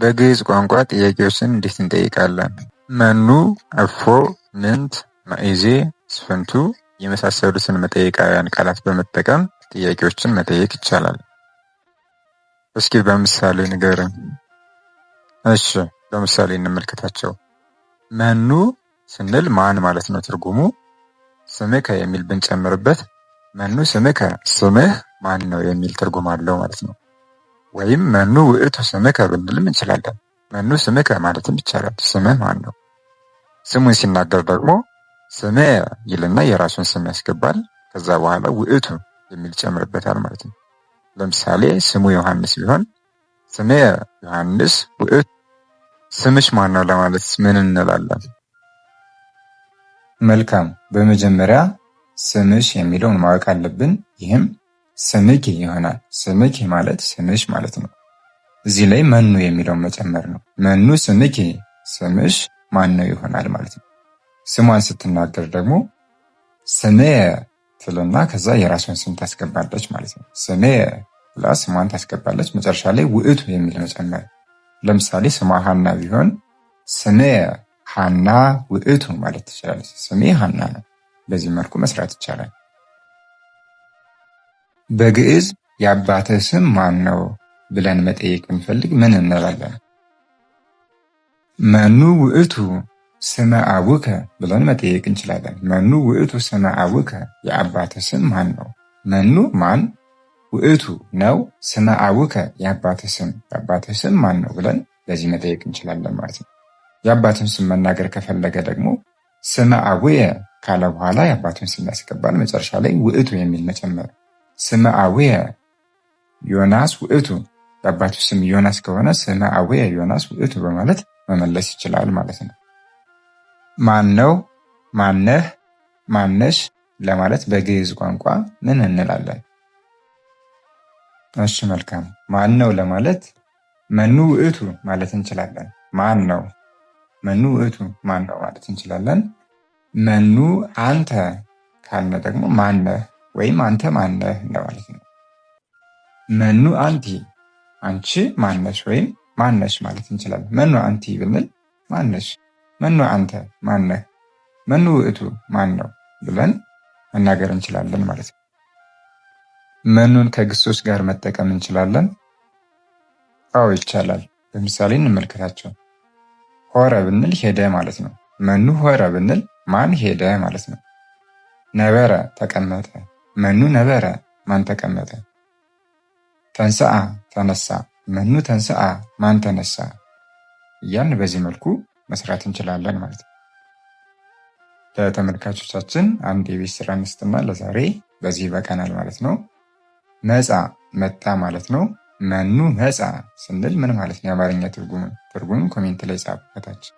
በግዕዝ ቋንቋ ጥያቄዎችን እንዴት እንጠይቃለን? መኑ፣ እፎ፣ ምንት፣ መኢዜ፣ ስፍንቱ የመሳሰሉትን መጠየቃውያን ቃላት በመጠቀም ጥያቄዎችን መጠየቅ ይቻላል። እስኪ በምሳሌ ንገርን። እሺ በምሳሌ እንመልከታቸው። መኑ ስንል ማን ማለት ነው ትርጉሙ ስምከ የሚል ብንጨምርበት መኑ ስምከ ስምህ ማን ነው የሚል ትርጉም አለው ማለት ነው። ወይም መኑ ውእቱ ስምከ ብንልም እንችላለን። መኑ ስምከ ማለትም ይቻላል። ስምህ ማን ነው? ስሙን ሲናገር ደግሞ ስሜ ይልና የራሱን ስም ያስገባል። ከዛ በኋላ ውእቱ የሚል ጨምርበታል ማለት ነው። ለምሳሌ ስሙ ዮሐንስ ቢሆን ስሜ ዮሐንስ ውእቱ። ስምሽ ማን ነው ለማለት ምን እንላለን? መልካም። በመጀመሪያ ስምሽ የሚለውን ማወቅ አለብን። ይህም ስምኪ ይሆናል። ስምኪ ማለት ስምሽ ማለት ነው። እዚህ ላይ መኑ የሚለውን መጨመር ነው። መኑ ስምኪ፣ ስምሽ ማን ነው ይሆናል ማለት ነው። ስሟን ስትናገር ደግሞ ስሜ ትልና ከዛ የራሷን ስም ታስገባለች ማለት ነው። ስሜ ብላ ስሟን ታስገባለች። መጨረሻ ላይ ውእቱ የሚል መጨመር። ለምሳሌ ስሟ ሀና ቢሆን ስሜ ሀና ውእቱ ማለት ትችላለች። ስሜ ሀና ነው። በዚህ መልኩ መስራት ይቻላል። በግዕዝ የአባተ ስም ማን ነው ብለን መጠየቅ ብንፈልግ ምን እንላለን? መኑ ውእቱ ስመ አቡከ ብለን መጠየቅ እንችላለን። መኑ ውእቱ ስመ አቡከ፣ የአባተ ስም ማን ነው? መኑ ማን፣ ውእቱ ነው፣ ስመ አቡከ፣ የአባተ ስም፣ የአባተ ስም ማን ነው ብለን ለዚህ መጠየቅ እንችላለን ማለት ነው። የአባትን ስም መናገር ከፈለገ ደግሞ ስመ አቡየ ካለ በኋላ የአባትን ስም ያስገባል። መጨረሻ ላይ ውእቱ የሚል መጨመር ስመ አቡየ ዮናስ ውእቱ የአባቱ ስም ዮናስ ከሆነ ስመ አቡየ ዮናስ ውእቱ በማለት መመለስ ይችላል ማለት ነው። ማን ነው፣ ማነህ፣ ማነሽ ለማለት በግዕዝ ቋንቋ ምን እንላለን? እሺ መልካም። ማነው ለማለት መኑ ውእቱ ማለት እንችላለን። ማን ነው መኑ ውእቱ ማን ነው ማለት እንችላለን። መኑ አንተ ካልነ ደግሞ ማነህ ወይም አንተ ማነህ እንደማለት ነው። መኑ አንቲ አንቺ ማነሽ ወይም ማነሽ ማለት እንችላለን። መኑ አንቲ ብንል ማነሽ፣ መኑ አንተ ማነህ፣ መኑ ውእቱ ማን ነው ብለን መናገር እንችላለን ማለት ነው። መኑን ከግሶች ጋር መጠቀም እንችላለን። አዎ ይቻላል። ለምሳሌ እንመልከታቸው። ሆረ ብንል ሄደ ማለት ነው። መኑ ሆረ ብንል ማን ሄደ ማለት ነው። ነበረ ተቀመጠ መኑ ነበረ ማን ተቀመጠ? ተንስአ ተነሳ መኑ ተንስአ ማን ተነሳ? እያን በዚህ መልኩ መስራት እንችላለን ማለት ነው። ለተመልካቾቻችን አንድ የቤት ስራ ንስትና ለዛሬ በዚህ ይበቃናል ማለት ነው። መፃ መጣ ማለት ነው። መኑ መጻ ስንል ምን ማለት ነው? የአማርኛ ትርጉም ትርጉም ኮሜንት ላይ ጻፉ ከታች